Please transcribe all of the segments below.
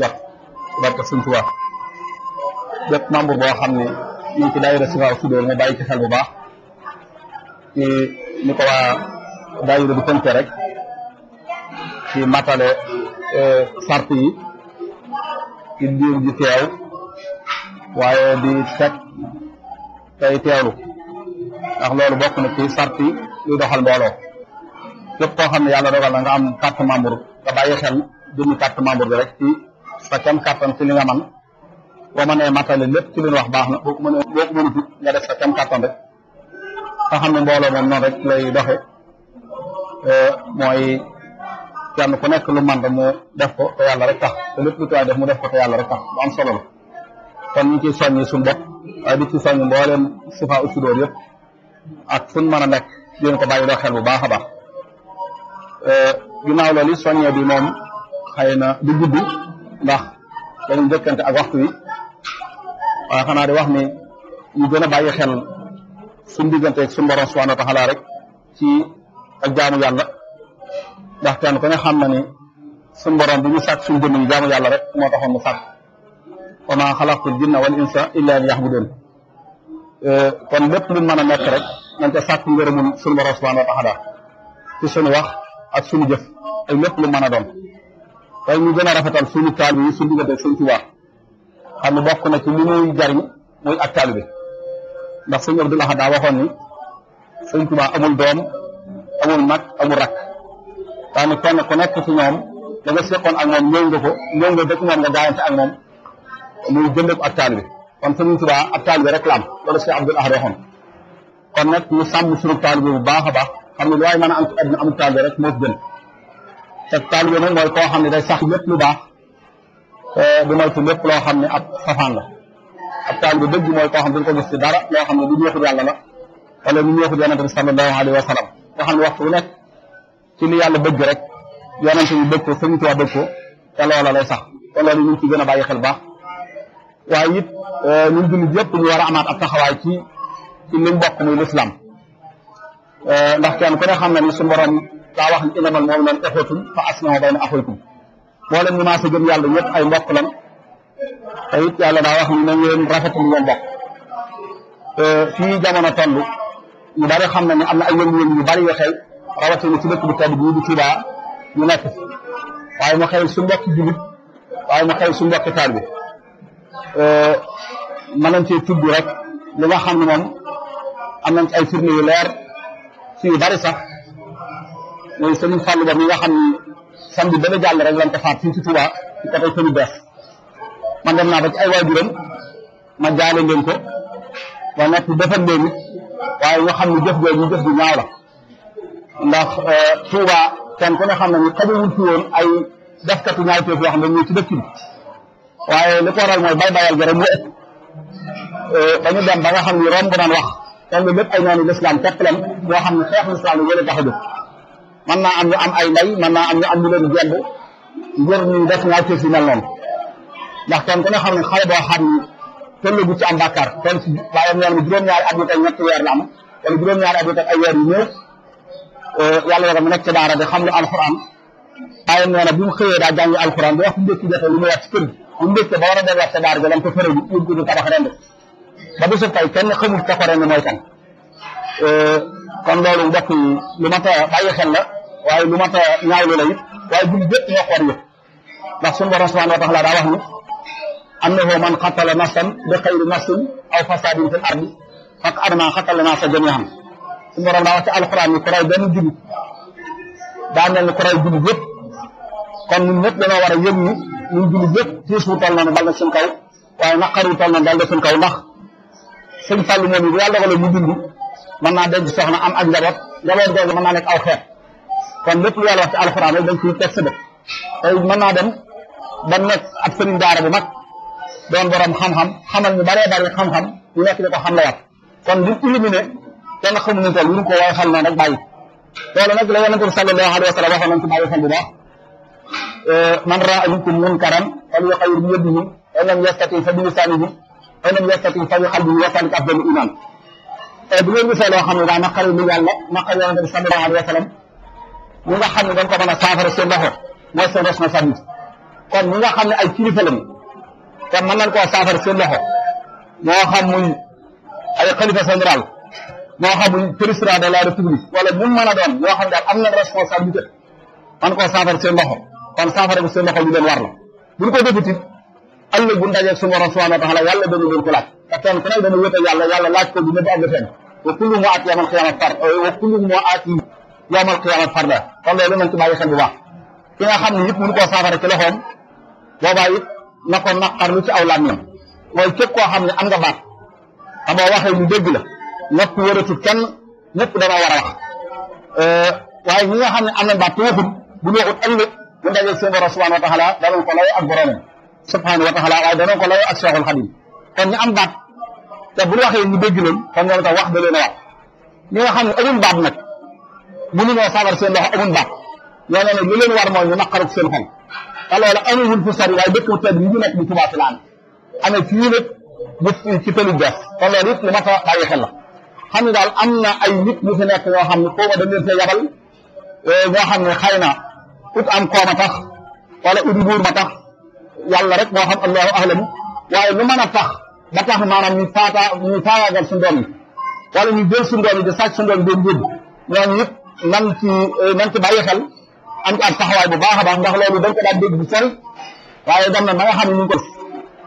jot barke Sëñ Tuubaa jot membre boo xam ne ñu ngi ci daayira Sifaa Sudoor mu bàyyi ci xel bu baax ci ni ko waa daayira bi tënke rek ci matale e, sart yi ci ji teew waaye di teg tey teewlu ndax loolu bokk na ci sart yi doxal mbooloo képp koo xam ne yàlla dogal na nga am carte membre nga bàyyi xel jëmmi carte membre bi sa kem kàttan ci li nga man boo mënee matale lépp ci li ñu wax baax na boo ko mënee boo ko mënut nga def sa kem kàttan rek nga xam ne mbooloo moom noonu rek lay doxe euh, mooy kenn ku nekk lu man rek mu def ko te yàlla rek tax te lépp lu tuwaay def mu def ko te yàlla rek tax lu am solo la kon ñu ciy soññi suñu bopp waaye di ci soññi mbooleem sufa usidóor yëpp ak fu ñu mën a nekk yéen ko bàyyi loo xel bu baax a baax euh, ginnaaw loolu soññee bi moom xëy na du gudd ndax dañu jëkkante ak waxtu wi waaye xanaa di wax ni ñu gën a bàyyi xel suñ digganteeg suñ borom subhanahu wa rek ci ak jaamu yàlla ndax kenn ku ne xam na ni suñ borom bu ñu sàkk suñ jëmm ñu jaamu yàlla rek moo taxoon mu sàkk wa maa xalaqtul jinna wal insa illa liya'budun kon lépp luñ mën a nekk rek nañ ca sàkk ngërëmul suñ borom subhanahu wa taala ci suñu wax ak suñu jëf ak lépp lu mën a doon tey mu gën a rafetal suñu taal bi suñu diggante suñ ci wax xam ne bokk na ci li muy jariñ muy ak taal ndax sëñ Abdul Ahad daa waxoon ni sëñ Tuubaa amul doom amul mag amul rakk daanaka kenn ku nekk ci ñoom da nga ak moom ñëw nga ko ñëw nga dëkk moom nga jaayante ak moom muy jënd ko ak taal bi kon sëñ Tuubaa ak taal bi rek la am loolu sëñ Abdul Ahad waxoon kon nag ñu sàmm suñu taal bi bu baax a baax xam ne lu waay mën a amul taal rek moo gën. ak taalibe nag mooy koo xam ne day sax lépp lu baax du moytu lépp xam ne ab safaan la ab taalibe dëgg mooy koo xam ne dañ ko gis ci dara loo xam ne du ñeexul yàlla la wala ñu ñeexul yonente bi sallallahu alayhi wa sallam nga xam ne waxtu bu nekk li yàlla bëgg rek yonente bi bëgg ko sëñ Tuubaa bëgg ko te loola lay sax kon loolu ñu ci gën a bàyyi xal baax waaye it e, ñun jullit yëpp ñu war a amaat ab taxawaay ci ci li mu muy lislaam e, ndax kenn ku ne xam na ni daa wax ne innamal mu'minuuna ixwatun fa aslihu bayna axawaykum mboolem ñu maase gëm yàlla ñëpp ay mbokk lan te it yàlla a wax ne nañ leen rafetul ngeen mbokk fii jamono toll ñu bari xam na ne am na ay yëngu-yëngu yu bari yu xew rawatina ci dëkk bu tedd bii di Tuubaa ñu nekk fi waaye mu su julit waaye mu xew su mbokk taal bi mën nañ cee tudd li nga xam ne moom am ay firnde yu leer ci yu bari sax. mooy sëriñ Fallou ba mi nga xam ni samedi ba la jàll rek lañ ko faat fii ci Touba ci côté Sëriñ Bees naa ba ay waajuram ma jaale leen ko ba noppi defal leen waaye nga xam ni jëf jooju ñu jëf ju ñaaw la euh, ku ne xam na ni xajewul fi woon ay defkatu ñaaw teef yoo xam ne ñu ci dëkk bi waaye li ko mooy bay bayal ga rek mu ëpp dañu euh, dem ba nga xam ni romb naan wax te lépp ay noonu l'islam tepp lan yoo xam ne xeex l'islam la yéen a tax a mën naa am ñu am ay lay mën naa am ñu am ñu leen jënd ngir ñu def naa ci si mel noonu ndax kon ku ne xam ne xale boo xam ni toll bu ci am bàkkaar kon si waaye ñoom juróom-ñaari at yu tey ñetti weer la am wala juróom-ñaari at yu tey ay weer yu néew euh, yàlla dafa mu nekk ci daara di xam lu alxuraan waaye nee na bi mu xëyee daa jàngi alxuraan bi wax bu ndékki jotee lu muy wax ci kër gi bu ndékkee ba war a delluwaat sa daara ji lan ko fëre ji yóbbu ko tabax rend ba bisu tey kenn xamul ka ko rend mooy kan euh, kon loolu mbokk yi lu ma ta bàyyi xel la waaye lu mat a ñaawlu la it waaye bu jëpp ñoo xool yëpp ndax sunu borom subhanahu wa taala daa wax ni annahu man xatala nafsan bi xayri nafsin aw fasadin fil ardi faq adama xatala naasa jami'an sunu borom daa wax ni ku rey benn jullit ni ku rey jullit yëpp kon ñun ñëpp dañoo war a yëg ni ñun jullit yëpp tiis wu toll noonu na suñ kaw waaye naqar wu toll noonu dal na suñ kaw ndax suñ fàllu moom yi bu yàlla mu dund mën naa denc soxna am ak njaboot njaboot mën naa nekk aw kon lépp lu yàlla wax ci alxuraan dañ ciy tek sa bët tey mën naa dem ba nek ak sëriñ daara bu mak doon borom xam-xam xamal ni bare bare xam-xam yu nek di xam la waat kon li illuminé kenn xamu ni ko lu ko way xam na nak bàyyi lolu nak la yalla ko sallallahu alaihi wasallam sallam waxoon ci bàyyi xel bu baax man ra'aykum munkaran munkaran falyughayyirhu bi yadihi fa lam yastati fa bi lisanihi fa lam yastati fa bi qalbihi wa zalika afdalu iman bu ngeen gisee lo xam ne na naqari ni yàlla naqari yonente bi sallallahu alaihi wasallam ñi nga xam ne dañ ko mën a saafara seen loxo mooy seen responsabilité kon ñi nga xam ne ay kilifa lañu te mën nañ koo saafara seen loxo moo xam muy ay xalifa général moo xam muy président de la république wala ñun mën a doon ñoo xam daal am na responsabilité man koo saafara seen loxo kon saafara bi seen loxo lu leen war la buñ ko defut it ëllëg bu ndajeeg suñu borom subhanahu wa taala yàlla dañu leen ko laaj te kenn ku nekk dana wéete yàlla yàlla laaj ko bu ñëpp àgg fenn wa kullu moo aat yamal xiyaama far wa kullu moo aat yi yawmal qiyaama farda kon loolu nañ ci bàyyi xel bu baax ki nga xam ne it mënu koo saafara ci loxoom boobaa it na ko naqarlu ci aw làmmiñam mooy képp koo xam ne am nga baat te boo waxee ñu dégg la nopp wëratul kenn ñëpp dana a wax euh, nga xam ne am na baat te waxut bu ñu waxut ëllëg bu ndajee seen borom subhanahu wa taala danañ ko lay ak boromam subhanahu wa taala waaye danañ ko lay ak Seexul Xadim kon ñu am baat bu ñu waxee ñu dégg leen kon ñoom itam wax da leen a wax ñi nga xam ne amul baat nag منين وصل رسول الله أبن بع يعني لو منين وار ما ينقر سنهم قالوا لا أنا في الفسر يا بيت وتد منين أنت بتبعت الآن أنا فيك بس كتير الجاس قالوا ريت لما فا ما يخلى هم قال أمنا أي نت مثلنا كنا هم قوة دنيا في جبل وهم خينا قد أم قوة متخ ولا أدبور متخ يلا رك وهم الله أهلهم وأي نما نتخ متخ ما نم فاتا نفاتا قال سندوني قال نجلس سندوني جسات سندوني بيجي يعني nan ci nan ci bàyyi xel am ci ab taxawaay bu baax a baax ndax loolu dañ ko daan dégg bu sori waaye dem na ma nga xam ne ñu ngi ko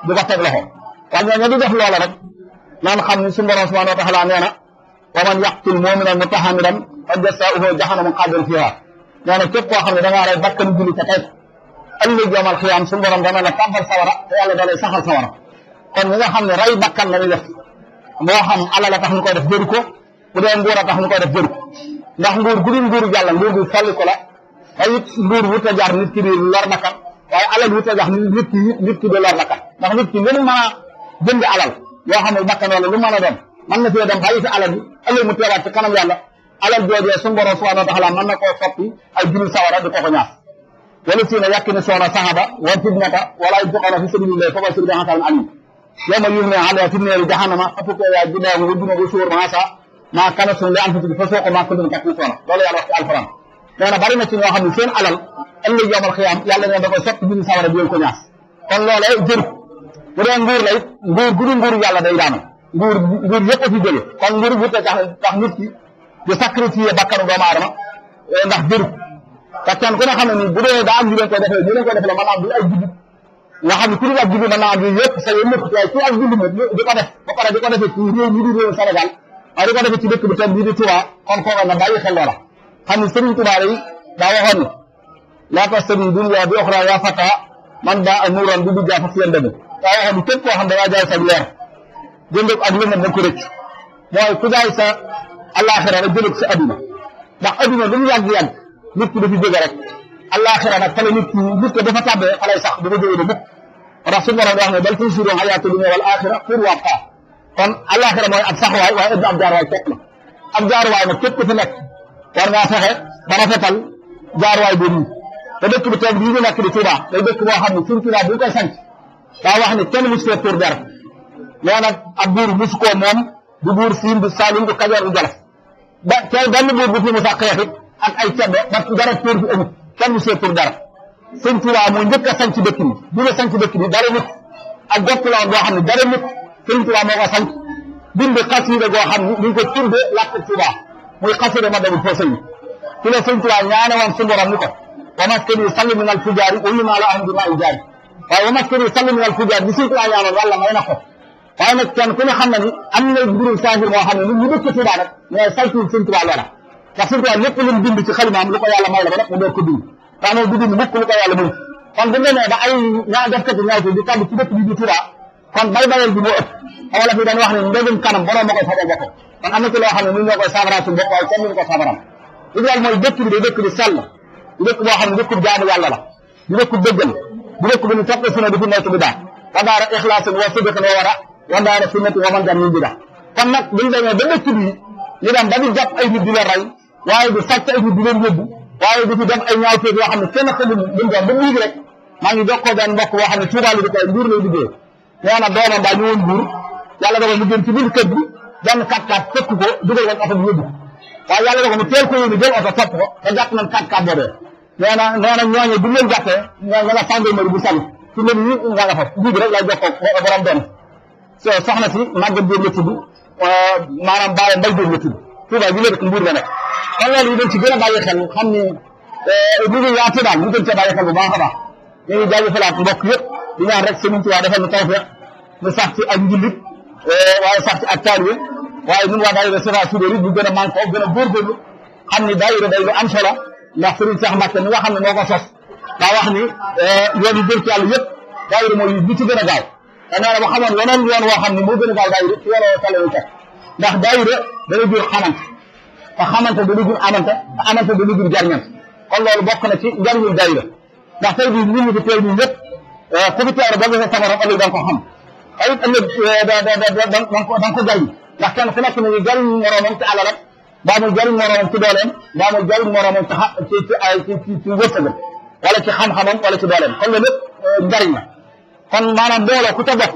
di ko teg loxo waaye ñooñu di def loola rek naan xam ne suñu borom subhanahu wa taala nee na wa man yaqtul mu'minan muta'ammidan fa jazaa'uhu jahannam xaadir fiha nee na képp koo xam ne da ngaa rey bakkan julli te tey ëllëg yoomal xiyaam suñu borom dana la tàmbal sawara te yàlla da lay saxal sawara kon ñi nga xam ne rey bakkan la ñuy def moo xam alal a tax ñu koy def jëru ko bu dee nguur a tax ñu koy def jëru ko ndax nguur gu dul nguuru yàlla nguur gu folli ko la te it nguur wut a jaar nit ki di lor bakkan waaye alal wut a jaar nit ki di lor bakkan ndax nit ki lu mu mën a alal yoo xam ne bakkan wala lu mën a doon mën na fee dem bàyyi fi alal bi ëllëg mu teewaat ci kanam yàlla alal joojee suñu borom subhanahu wa taala mën na koo soppi ay juri sawara di ko ko ñaas wala si ne yàkk soona sahaba wa fitnata wala duqana fi sabilillah faba sir bi xasaran amin yawma yuhna ala fi nneeri jahannama fatuko yaa junaahu wa junubu suur maa kanastum li anfusikum fazuuquu maa kuntum taknisuun loolu yàlla wax ci alxuraan nee na bari na ci ñoo xam ne seen alal ëllëg yawmal xiyaam yàlla ne da koy sotti biir sawara bi ko ñaas kon loolee jër bu dee nguur la nguur gudu nguur yàlla day daanu nguur nguur a fi jóge kon nguur bu te tax nit ki di sacrifier bakkanu doomu aadama eh, ndax jër te kenn ku ne xam ne ni bu dee daa am ñu leen koy defee ñu leen koy du ay jubbi nga xam ne ku ay ku ak jubbi di ko def ba pare di ko defee waaye ko defee ci dëkk bu tedd bii di Tuubaa kon koo xam ne bàyyi xel loola xam ne sëriñ Tuubaa yi daa waxoon ne laa tastawi dunya bi uxra yaa fata bi dugg fa seen dëgg daa waxoon ne képp da ngaa jaay sa jënd ak lu mel ne ko rëcc mooy ku jaay sa àllaaxira rek jënd ko sa adduna ndax adduna lu mu yàgg yàgg nit ki dafi jóge rek àllaaxira nag fële nit ki nit ki dafa tàbbee xale sax du ko jógee ba mukk ndax suñu waroon wax ne kon àllaaxira mooy ab saxwaay way ëpp abdar way tek ak ab way nag képp ku fi nek war ngaa fexe ba rafetal way bu ni da dëkk bu toog bii ñu nekk di tuba day dëkk bo xamni suñ tuba bu ñu koy sanc daa wax ni kenn musse tour dar dara nak ak bur buur mus koo moom du bur Siin du salim du kajar du Jolof ba tey benn bur bu fi musa sax ak ay tebe ba dara tour fi amut kenn musse tour dar suñ tuba mo njëkk sant ci dëkk bi bi mu sanc dëkk ni dara nit ak gopp la woon xamni dara nit Sëriñ Tuubaa moo ko sant bind xasida goo xam ni ko tudde làkk Tuubaa muy xasida Madabul Fawzayni ci la Sëriñ Tuubaa ñaane woon suñu borom ni ko wa maskani salli min al fujaari wa la ahum bi maa ijaari waaye wa maskani min al fujaari bi Sëriñ Tuubaa ñaanoon yàlla may xam ni am ne nit ñu dëkk Tuubaa nag ñooy saytu Sëriñ Tuubaa loola ndax Sëriñ la ba nag mu door ko ay ñaa def kati ñaawtu di tàgg ci dëkk Tuubaa kon bay bayal bi moo ëpp xoola fi dañ wax ne mbégum kanam borom ma koy fajal boppam ko saafaram li daal mooy dëkk bi day dëkk di dëkk boo xam ne dëkk bu jaamu yàlla la di dëkk bu dëggal di dëkk bu ñu topp sunna di fi nekk bi daal wa daara wa sidqin wa wara wa daara sunnati wa man jam min bi daal kon nag buñu demee ba di jàpp ay nit di leen waaye di sàcc ay nit di leen waaye di fi def ay ñaawteeg yoo xam ne kenn xamul lu mu doon ba mu yëg rek maa ngi jokkoo benn di nee na doomam daal ñu woon buur yàlla dogal mu jëm ci biir kër gi benn kat-kat fekk ko dugal woon oto bi yóbbu waaye yàlla dogal mu teel ko yóbbu jël oto topp ko te jàpp nañ kat-kat boobee nee na nee na ñooñu bu leen jàppee nga nga gendarmerie bu sànni ci leen ñi nga nga fa jibi rek lay jokkoo borom doom so soxna si màggat jóob la tudd euh, maanaam bàyyi mbay jóob la tudd Tuuba gi la dëkk mbuur la nekk kon loolu ñu doon ci gën a bàyyi xel xam ni euh, ñu ngi yaatu daal ñu gën cee bàyyi xel bu baax a baax ñu ngi jaajëfalaat mbokk yëpp di ñaan rek Sëriñ Tuubaa defal nu nu sax ci ak njullit eh, waaye sax ci ak taalibe waaye ñun waa daayira Safaa Suudar yi bu gën a man gën a góorgóorlu xam ni daayira day lu am solo Seex Mbàkke mi nga xam ne moo ko sos daa ni eh, yoon yu jëm ci yàlla yëpp daayira mooy bi ci gën a gaaw te nee na bu xamoon weneen yoon woo xam ne moo gën a gaaw daayira ci wala taleu teg ndax daayira dana jur xamante te xamante dana jur amante te amante dana jur jarñant na ci ku fi teewlu boo gisee safara ëllëg da nga ko xam ay ëllëg da da da da nga ko da nga ko jariñ ndax kenn ku nekk mu ngi jariñ moroomam ci alal rek daa muy jariñ moroomam ci dooleem daa muy jariñ moroomam ci ci ci ay ci ci ci wërsëgam wala ci xam-xamam wala ci dooleem kon loolu lépp euh, njariñ la kon maanaam mbooloo ku ca bokk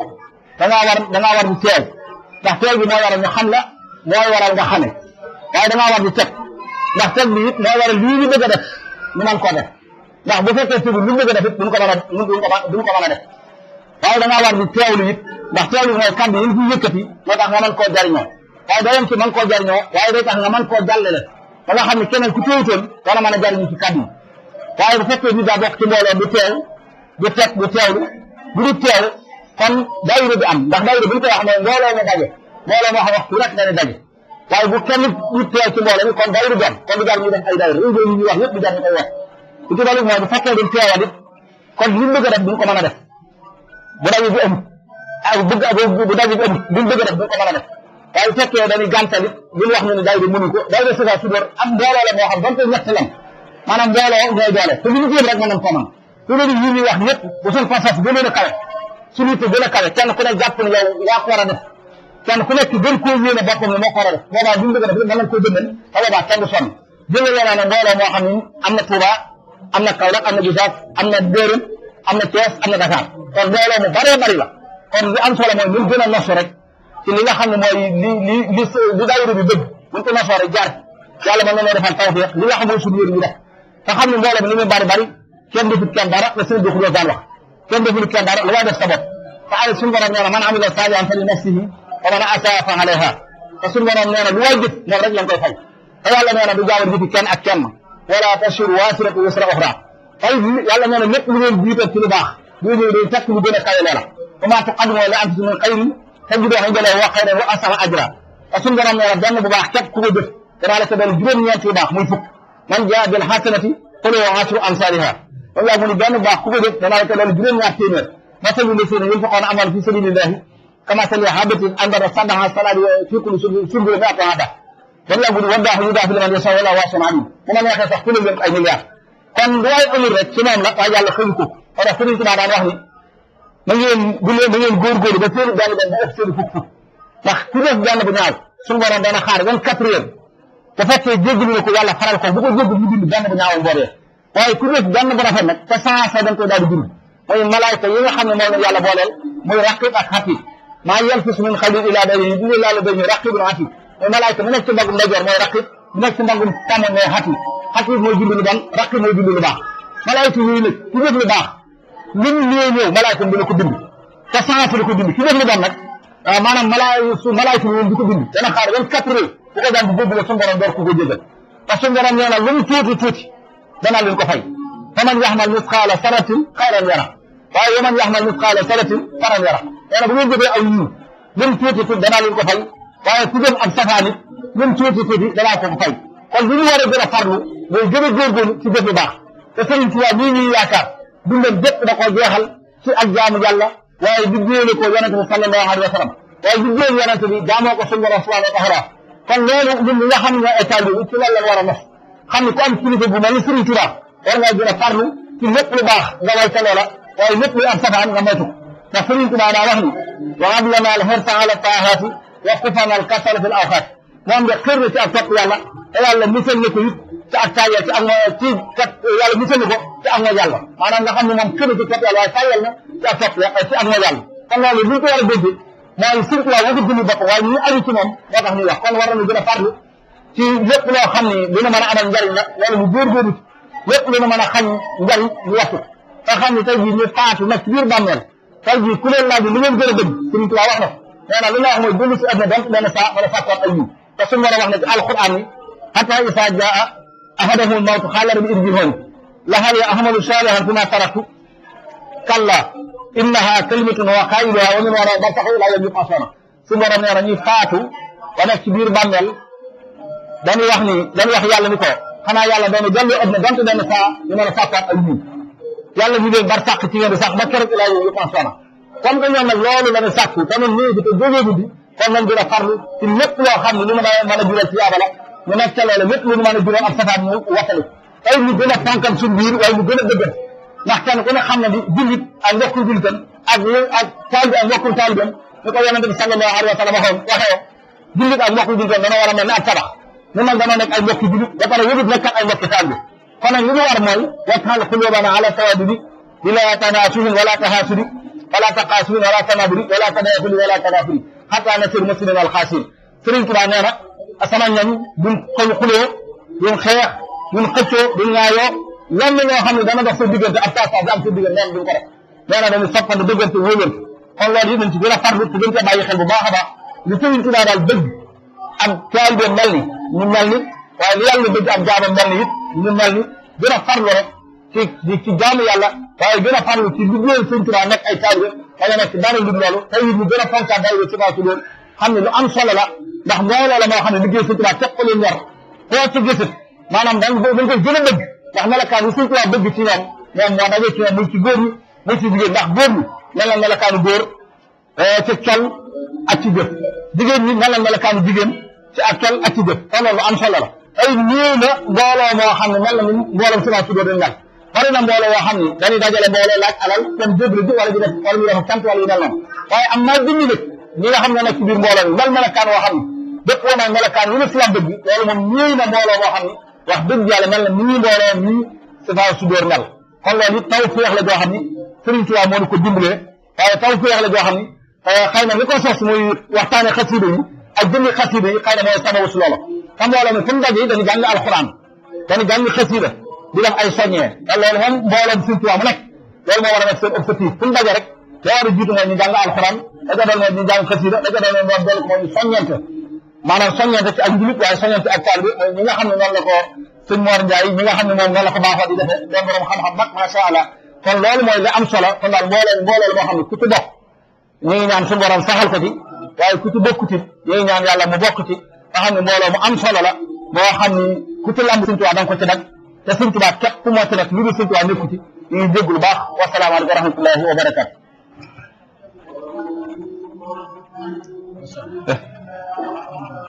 da ngaa war da ngaa war di teew ndax teew bi mooy waral ñu xam la mooy waral nga xame waaye da ngaa war di teg ndax teg bi it mooy waral lii ñu bëgg a def ñu mën koo def ndax bu fekkee tëbul lu mu bëgg a def it duñ ko mën a duñ ko mën a def waaye da ngaa war di teewlu it ndax teewlu mooy kàddu yi ñu yëkkati moo tax nga mën koo jariñoo waaye dayam ci mën ko jariñoo waaye day tax nga mën koo jàllale ba nga xam ne keneen ku teewutoon dana mën a jariñu ci kàddu yi waaye bu fekkee nit daa bokk ci mbooloo du teew du teg du teewlu bu du teew kon daayira bi am ndax daayira bu ñu koy wax mooy mbooloo mu daje mbooloo moo xam wax ku rek nga ne daje waaye bu kenn du teew ci mbooloo mi kon bu ci dolli mooy bu fekkee duñ teewal it kon li mu bëgg a def duñ ko mën a def bu daje bi amul ah bu bëgg bu daje bi amul li mu bëgg a def duñ ko mën a def waaye bu fekkee dañuy gàntal it lu ñu wax ñu ne daje mënu ko daje sufa su door am doole la boo xam donte ñett lan maanaam doole mooy doole te bu ñu jéem rek mën nañ ko mën su wax ñëpp bu suñ pas-pas gënoon a kawe a ku ne jàpp a ku nekk gën koo yéene boppam moo ko war a def boobaa bu ñu bëgg a def mën nañ koo dëndal am na Kaolack am na Gisaas am na Dóorum am na Thiès am na Dakar kon loolu mu bëree la kon li am solo mooy gën a rek li nga xam ne mooy li li bi bëgg buñ ko nosoo rek jaar yàlla na noo defal tawfeex li nga xam mooy suñu yëri xam ne mbooloo mi li muy bëri bëri kenn defut kenn dara la seen dëkk daan wax kenn defut kenn dara lu waay def sa bopp te ay suñu borom nee na man fa li nafsihi wa man asaa fa alayha te suñu borom nee na lu waay jëf moom rek lañ koy fay te yàlla kenn ak kenn ولا تشر واسرة وسرة أخرى طيب يلا أنا نت من بيت التنباع بيجي من تك من بين كاي لنا وما تقدم ولا أنت من قيم تجد عند الله وقيرا وأسعى أجرا أسمع رم ورجال مباح كب كود كما لك بل جبني أنت باح ملفك من جاء بالحسنة قل وعشر أمثالها ولا من بين باح كود كما لك بل جبني أنت باح مثل المسلم ينفق عن عمل في سبيل الله كما سمي حابة أن رصدها الصلاة في كل سبيل ذات هذا dañ la gudd waddaa xam daa fi liman yasa wala waasun alim mu ma neexee sax ku la yëngu ay milliards kon bu ay amul rek ci moom la waaye yàlla xëy ko moo tax sëriñ Tuubaa daan wax ni na ngeen bu leen na ngeen góorgóorlu ba seeni benn benn ba ëpp seeni fukk fukk ndax ku def benn bu ñaaw suñu borom dana xaar vingt quatre heures te fekkee jéggalu na ko yàlla faral ko bu ko jéggul mu bind benn bu ñaawam boobee waaye ku def benn bu rafet nag te sansa dañ koy daal di bind mooy malaayka yi nga xam ne moom la yàlla booleel muy raqib ak xatiib maa yalfisu min qawlin illaa ladayhi raqiibun atiid mooy malaayka mu nekk ci mbagum ndeyjoor mooy raqib mu nekk ci mbagum càmmoñ mooy xatib xatib mooy bind lu bon raqib mooy bind lu baax ku def lu baax lim ñëw ñëw ko bind te sens du ko bind ki def lu bon nag ah, maanaam malaay su malaayka yooyu du ko bind dana xaar yan quatre heures bu ko daan bu bëgg suñu borom door te suñu na lu mu tuuti tuuti danaa leen ko fay faman yaxmal misqaala saratin xayran yara waaye waman yaxmal misqaala saratin xayran yara nee na bu ngeen jëfee aw yiw tuuti tuuti danaa ko fay waaye ku jëm ab safaani lu mu tuuti tuuti danaa ko fay kon lu ñu war a gën a farlu mooy gën a góorgóorlu ci jëf lu baax te Sëriñ Tuubaa ñii ñuy yaakaar dundam jëpp da koo jeexal ci ak jaamu yàlla waaye diggéele ko yonente bi sallallahu alayhi wa sallam waaye diggéel yonente bi jaamoo ko suñu borom subhanahu wa taala kon loolu ñun ñi nga xam ne ay taalibe yi ci loolu la war a mos xam ne ku am kilifa bu mel ni Sëriñ Tuubaa war ngaa gën a farlu ci lépp lu baax nga way ca loola waaye lépp lu am safaan nga moytu ko ndax Sëriñ Tuubaa daa wax ni wa am lanaa al hirsa ala taahaati waxtutanal kattan fil awqaat nga xam ne xër na ci ak topp yàlla te yàlla musal na ko it ci ak tayal ci ak ma na ko ci ak ma yàlla maanaam nga xam ne moom xër na ci topp yàlla waaye tayal na ci ak topp ci ak ma yàlla kon loolu bu ñu ko war a dégg mooy surtout waaye waxu julli bopp waaye ñu aju ci moom moo tax ñu wax kon war gën a farlu ci lépp loo xam ne dina mën a amal njariñ la wala ñu góorgóorlu ci lu ñu mën a xam ne tey jii ñu faatu nag ci biir bàmmeel tey ku leen laaj li ngeen gën a gëm Sëriñ وانا لله ما يدلس ابدا لان ساعه ولا ساعه قلبي فثم روى القران حتى اذا جاء احدهم الموت قال لم يرجعون لهل يا احمد صالح كما تركت كلا انها كلمه وقائلها ومن وراء برتاح الى يوم يقاسون ثم رمي رني فاتو وانا كبير بامل داني وحني داني وحي يالله نكو خنا يالله دوني جلو ابن دانت دان ساعه لما لا ساعه قلبي يالله في بيت برتاح تيجي ساعه بكرت الى يوم يقاسون comme que ñoom nag loolu la ñu sàkku te ñun néegi te jógee guddi kon nañ dina farlu ci lépp loo xam ne lu mu mën a jural ci yaaba la ñu nekk ca loolu lépp lu mu mën a jural ab safaan ñu waxali tey ñu gën a fonkal suñu biir waaye ñu gën a dëggal ndax kenn ku ne xam jullit ak mbokku jullitam ak lu ak taalibe ak mbokku taalibeem ni ko yonente bi sallallahu jullit ak mbokku a ne ak ay mbokku jullit ba pare yëgut nekkat ay mbokku taalibe kon nag li mu war mooy wasal xulubana bila tanasuhin wala wala taqaasuun wala tanaaburi wala tadaafuri wala tanaafuri xataa nasiru muslimin alxaasiin Sëriñ Tuubaa nee na asamaan ñoom duñ xëy xulee duñ xeex duñ xëccoo duñ ŋaayoo lenn ñoo xam ne dana dox sa diggante ak saa saa am sa diggante neen duñ ko def nee na dañu soppante dëggante wóolante kon loolu yi nañ ci gën a farlu te gën cee bàyyi xel bu baax a baax li Sëriñ Tuubaa daal bëgg ak taalibe mel ni ñu mel ni waaye li yàlla bëgg ak jaamam mel ni it ñu mel ni gën a farlu rek ci ci jaamu yàlla waaye gën a farlu ci liggéeyal Sëñ Tuubaa nekk ay taalibe wala nekk dara lu loolu tey it ñu gën a fonkaat ci kaw su loolu ne lu am solo la ndax mooy loola moo xam ne liggéey Sëñ Tuubaa teg ko leen war koo ci gisut maanaam dañ dañ koy gën a bëgg ndax melokaan yu Sëñ Tuubaa bëgg ci ñoom ñoom moo dajee ci ñoom muy ci góor ñi muy ci jigéen ndax góor ñi nan la melokaanu góor eh, ci col ak ci la melokaanu jigéen ci ak col ak la moo xam ne nan la ñu mbooloo Sëñ Tuubaa bari na mbooloo yoo xam ne dañuy dajale mbooloo laaj alal dem jébri ji wala ñu def wala ñu def cant wala ñu def noonu waaye am naa junni nit ñi nga xam ne nekk ci biir mbooloo mi mel melokaan woo xam ne bépp woon na melokaan yu lislaam bëgg loolu moom ñëw na mbooloo moo xam ne wax dëgg yàlla mel na ni ñuy mbooloo ni sifaa su dóor mel kon loolu it taw féex la joo xam ne Sëriñ Tuubaa moo ñu ko dimbalee waaye taw féex la joo xam ne euh, xëy na li ko sos muy waxtaane xasiida yi ak jëmmi xasiida yi xëy na mooy sababu si loolu xam mbooloo mi fu mu daje dañu jàng alxuraan dañu jàng xasiida di def ay soññee te loolu moom mbooloom Sëriñ Tuubaa mu nekk loolu moo war a nekk seen objectif fu ñu daje rek da war a jiitu mooy ñu jàng alxuraan da ca doon ñu jàng xasida da ca doon moom doolu ko moom ñu soññante maanaam soññante ci ak njulub waaye soññante ak taal bi mooy ñi nga xam ne noonu la ko sëñ Mor Ndiaye ñi nga xam ne moom noonu la ko baaxoo di defee doon borom xam-xam nag macha allah kon loolu mooy li am solo kon daal mbooleem mbooleem moo xam ne ku ci bokk ñu ngi ñaan suñu borom saxal ko ci waaye ku ci bokk ci ñu ngi ñaan yàlla mu bokk ci nga xam ne mbooloo mu am solo la boo xam ni ku ci lamb Sëriñ Tuubaa da nga ko ci dag te sëñ Tuubaa képp ku mottalat lu dul sëñ Tuubaa nekku ci ñu ngi jéggu lu baax wasalaamaaleykum wa rahmatullahi wa barakaatu.